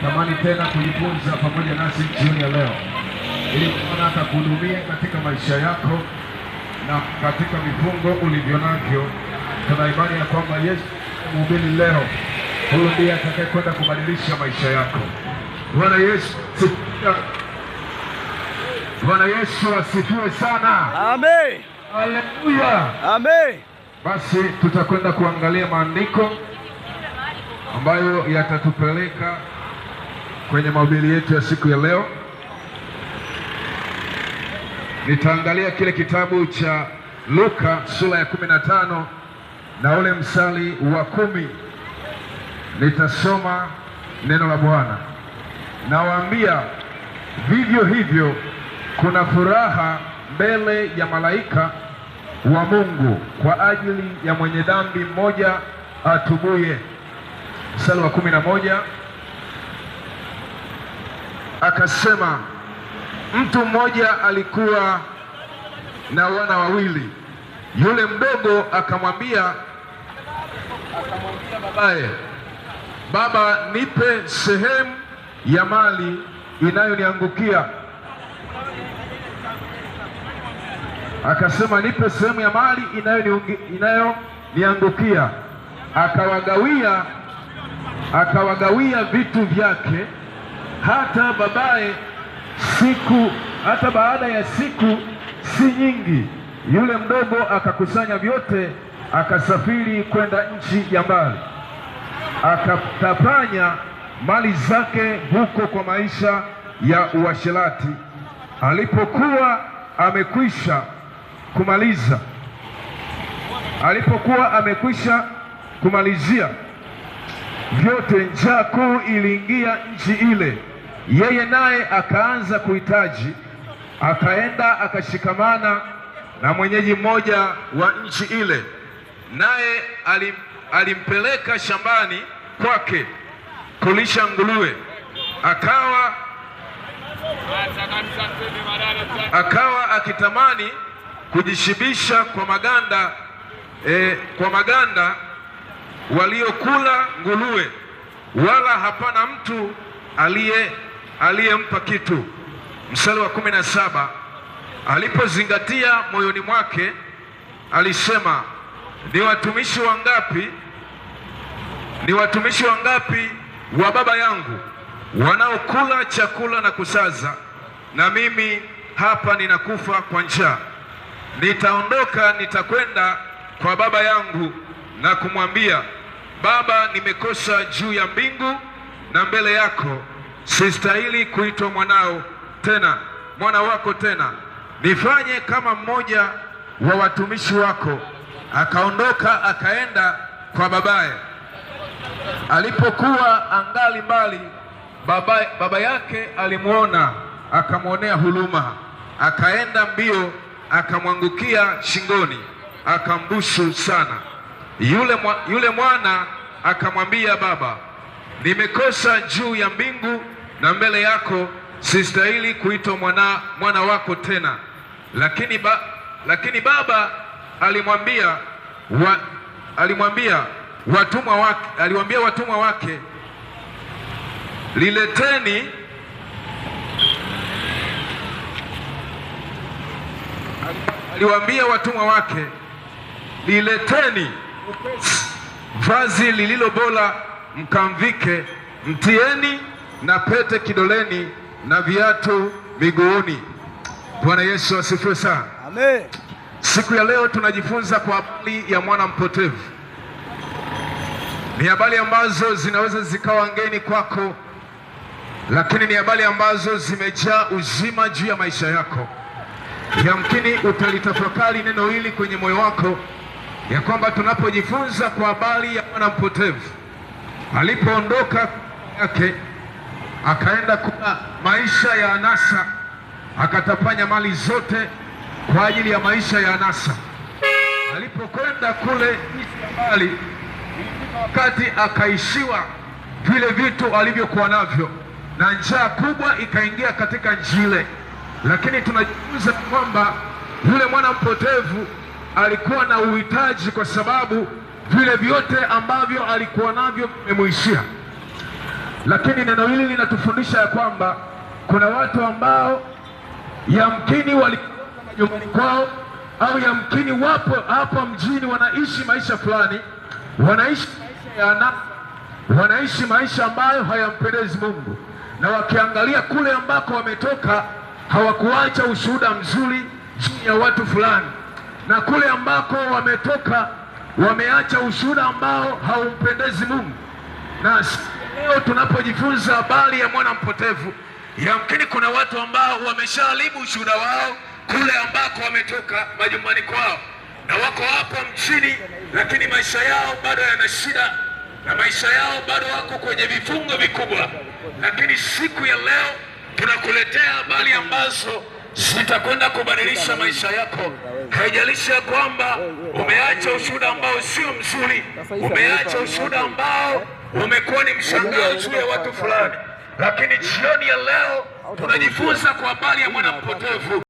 tamani tena kujifunza pamoja nasi jioni ya leo, ili Bwana atakuhudumia katika maisha yako na katika vifungo ulivyo navyo. Tuna imani ya kwamba Yesu mhubiri leo, huyu ndiye atakayekwenda kubadilisha maisha yako. Bwana Yesu, Bwana Yesu asifiwe sana. Amen. Haleluya. Amen. Basi tutakwenda kuangalia maandiko ambayo yatatupeleka kwenye mahubiri yetu ya siku ya leo. Nitaangalia kile kitabu cha Luka sura ya kumi na tano na ule msali wa kumi. Nitasoma neno la Bwana, nawaambia vivyo hivyo kuna furaha mbele ya malaika wa Mungu kwa ajili ya mwenye dhambi mmoja atubuye. msali wa kumi na moja akasema, mtu mmoja alikuwa na wana wawili. Yule mdogo akamwambia akamwambia babaye, baba, nipe sehemu ya mali inayoniangukia. Akasema, nipe sehemu ya mali inayoniangukia. Akawagawia akawagawia vitu vyake hata babaye siku hata baada ya siku si nyingi, yule mdogo akakusanya vyote, akasafiri kwenda nchi ya mbali, akatapanya mali zake huko kwa maisha ya uasherati. Alipokuwa amekwisha kumaliza, alipokuwa amekwisha kumalizia vyote, njaa kuu iliingia nchi ile, yeye naye akaanza kuhitaji. Akaenda akashikamana na mwenyeji mmoja wa nchi ile, naye alim, alimpeleka shambani kwake kulisha nguruwe. Akawa akawa akitamani kujishibisha kwa maganda eh, kwa maganda waliokula nguruwe, wala hapana mtu aliye aliyempa kitu. Mstari wa kumi na saba alipozingatia moyoni mwake alisema, ni watumishi wangapi, ni watumishi wangapi wa baba yangu wanaokula chakula na kusaza, na mimi hapa ninakufa kwa njaa. Nitaondoka, nitakwenda kwa baba yangu na kumwambia Baba, nimekosa juu ya mbingu na mbele yako, sistahili kuitwa mwanao tena, mwana wako tena. Nifanye kama mmoja wa watumishi wako. Akaondoka akaenda kwa babaye. Alipokuwa angali mbali, baba, baba yake alimwona, akamwonea huruma, akaenda mbio, akamwangukia shingoni, akambusu sana. Yule, mwa, yule mwana akamwambia baba, nimekosa juu ya mbingu na mbele yako sistahili kuitwa mwana, mwana wako tena. Lakini, ba, lakini baba alimwambia wa, alimwambia watumwa wake, aliwaambia watumwa wake lileteni aliwaambia watumwa wake lileteni vazi lililo bora mkamvike, mtieni na pete kidoleni na viatu miguuni. Bwana Yesu asifiwe sana. Amen. Siku ya leo tunajifunza kwa habari ya mwana mpotevu. Ni habari ambazo zinaweza zikawa ngeni kwako, lakini ni habari ambazo zimejaa uzima juu ya maisha yako. Yamkini utalitafakari neno hili kwenye moyo wako ya kwamba tunapojifunza kwa habari ya mwana mpotevu alipoondoka yake akaenda kuna maisha ya anasa, akatapanya mali zote kwa ajili ya maisha ya anasa. Alipokwenda kule mbali, wakati akaishiwa vile vitu alivyokuwa navyo, na njaa kubwa ikaingia katika nchi ile, lakini tunajifunza kwamba yule mwana mpotevu alikuwa na uhitaji, kwa sababu vile vyote ambavyo alikuwa navyo vimemuishia. Lakini neno hili linatufundisha ya kwamba kuna watu ambao yamkini walikuwa nyumbani kwao au yamkini wapo hapa mjini, wanaishi maisha fulani, wanaishi maisha ya anasa, wanaishi maisha ambayo hayampendezi Mungu, na wakiangalia kule ambako wametoka hawakuacha ushuhuda mzuri juu ya watu fulani na kule ambako wametoka wameacha ushuhuda ambao haumpendezi Mungu. Na leo tunapojifunza habari ya mwana mpotevu, yamkini kuna watu ambao wameshaharibu ushuhuda wao kule ambako wametoka majumbani kwao, na wako hapo mchini, lakini maisha yao bado yana shida na maisha yao bado wako kwenye vifungo vikubwa. Lakini siku ya leo tunakuletea habari ambazo zitakwenda kubadilisha maisha yako. Haijalishi kwamba umeacha ushuhuda ambao sio mzuri, umeacha ushuhuda ambao umekuwa ni mshangao juu ya watu fulani, lakini jioni ya leo tunajifunza kwa habari ya mwanampotevu